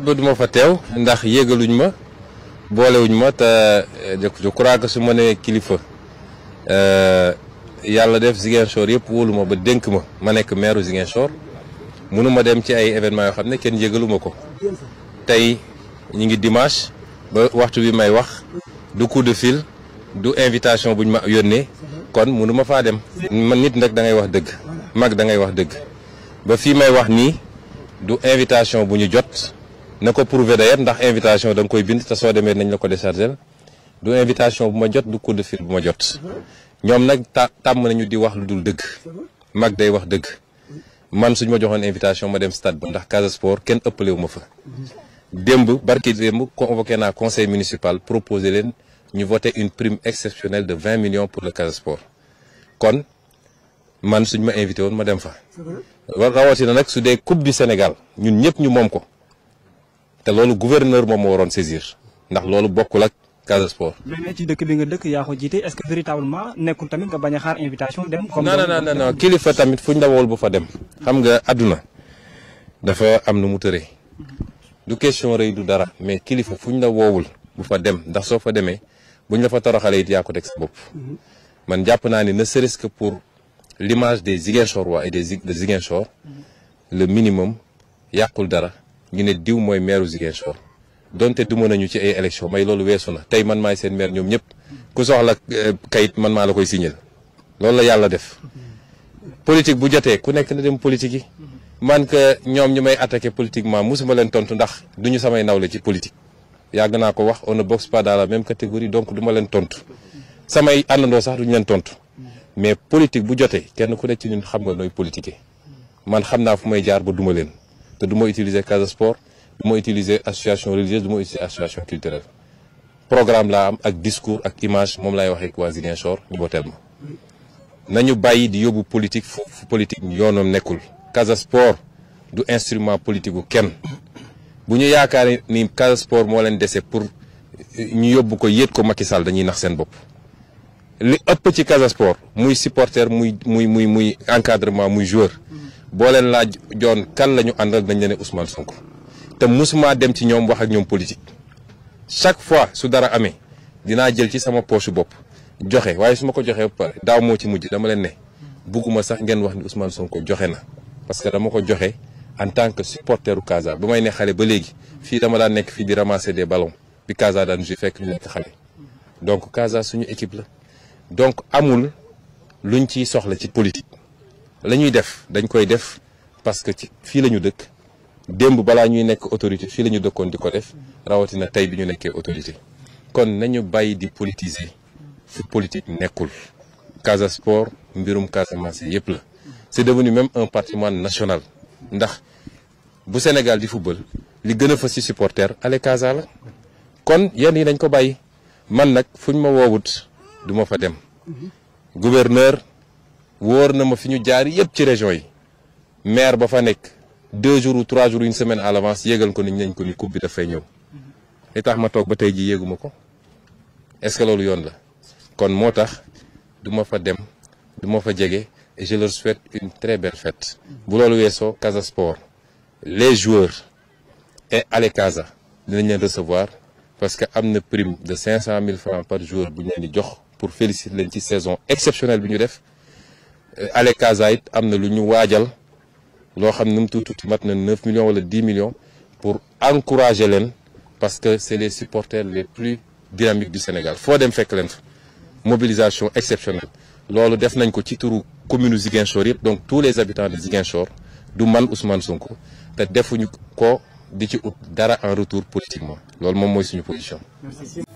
ba du ma fa teew ndax yégaluñ ma boolewuñ ma te eh, je crois que su ma nee kilifa eh, yàlla def Ziguinchor yëpp wóolu ma ba dénk ma ma nekk maire Ziguinchor mënuma dem ci ay événements yoo xam ne kenn yégaluma ko tey ñu ngi dimanche ba waxtu wi may wax du coup de fille du invitation buñ ma yónnee kon ma faa dem. man nit nag da ngay wax dëgg mag da wax dëgg ba fii may wax nii du invitation bu ñu jot. na ko prouver d'ailleurs ndax invitation dang koy bind te so démé nañ la ko décharger du invitation buma jot du coup de fil buma jot ñom nak tam nañu di wax lu dul mag day wax deug man suñu ma joxone invitation ma dem stade ndax Casa Sport kenn ëppale wu ma fa demb barki demb convoqué na conseil municipal proposer leen ñu voter une prime exceptionnelle de 20 millions pour le Casa Sport kon man suñu ma invité won ma dem fa rawatina nak su dee coupe du Sénégal ñun ñëpp ñu mom ko te loolu gouverneur moom moo waroon saisir ndax loolu bokkul ak Casa Sport. mais dëkk bi nga dëkk yaa ko jiite est-ce que véritablement nekkul tamit nga bañ a xaar invitation dem. comme non non non kilifa tamit fu ñu la dem. xam nga àdduna dafa am nu mu tëree. question rëy du dara mais kilifa fu ñu la woowul bu fa dem ndax soo fa demee buñ la fa toroxalee it yaa ko deg sa bopp. Mhm. man jàpp naa ne ne serait pour l'image des Ziguinchorois et des Ziguinchor le minimum yàqul dara. ñu ne diw mooy maire Ziguinchor donte du mën a ñu ci ay élection may loolu weesu na tey man maay seen maire ñoom ñëpp ku soxla eh, kayit man maa la koy signal loolu la yàlla def politique bu jotee ku nekk na dem politique yi man que ñoom ñu may attaqué politiquement mosuma leen tontu ndax du ñu samay nawle ci politique yàgg naa ko wax on ne boxe pas dans la même catégorie donc duma leen tontu samay àndandoo sax duñu leen tontu mais politique bu jotee kenn ku nekk ci ñun xam nga nooy politiquer man xam naa fu may jaar ba duma leen te du ma utiliser Casa Sport du ma utiliser association religieuse du ma utiliser association culturelle programme laa am ak discours ak image moom laay waxee waa Ziguinchor ñu booteel ma nañu bàyyi di yóbbu politique fu politique yoonam n'ekul. Casa Sport du instrument politique gu kenn bu ñu yaakaar ni Casa Sport moo leen dese pour ñu yóbbu ko yéet ko Macky Sall dañuy nax seen bopp li ëpp ci Casa Sport muy supporter muy muy muy muy encadrement muy joueur boo leen laaj joon kan la ñu àndal dañ leen ne Ousmane Sonko te musuma dem ci ñoom wax ak ñoom politique chaque fois su dara amee dinaa jël ci sama poche bopp joxe waaye su ma ko joxe ba pare daaw moo ci mujj dama leen ne bugguma sax ngeen wax ni Ousmane Sonko joxe na parce que dama ko joxe en tant que supporter u Casa ba may ne xale ba léegi fii dama daan nekk fii di ramasser des ballons bi Casa daan joué fekk ñu nekk xale donc Casa suñu équipe la donc amul luñ ciy soxla ci politique. la ñuy def dañ koy def parce que ci fii la ñu dëkk démb balaa ñuy nekk autorité fii la ñu dëkkoon di ko def rawatina tey bi ñu nekkee autorité kon nañu bàyyi di politiser fu politique nekkul Casa Sport mbirum Casamance yëpp la c'est devenu même un patrimoine national ndax bu Sénégal di football li gën a fës ci supporter ale Casa la kon yenn yi nañ ko bàyyi man nag fuñ ma wowut du ma fa dem gouverneur Vous na ma fi ñu jaar yépp ci région yi maire ba fa deux jours ou trois jours une semaine à l'avance yégal ko ni nañ ko ni coupe bi dafay ñëw li tax ma toog ba tey ji yéeguma ko est-ce que loolu yoon la kon moo tax du ma fa dem du ma fa jege et je leur souhaite une très belle fête bu loolu weesoo Casa Sport les joueurs et Allez Casa dinañ leen recevoir parce que am na prime de 500 000 francs par jour bu leen di jox pour féliciter leen ci saison exceptionnelle bi ñu def euh, Allez Kazaït, am l'union wajal ñu waajal loo xam 9 millions wala 10 millions pour encourager leen parce que c'est les supporters les plus dynamiques du Sénégal foo dem fait clair, mobilisation exceptionnelle Nous def nañ ko ci Ziguinchor donc tous les habitants de Ziguinchor du man Ousmane Sonko te defuñu ko di ci ut dara en retour politiquement C'est ce que suñu position.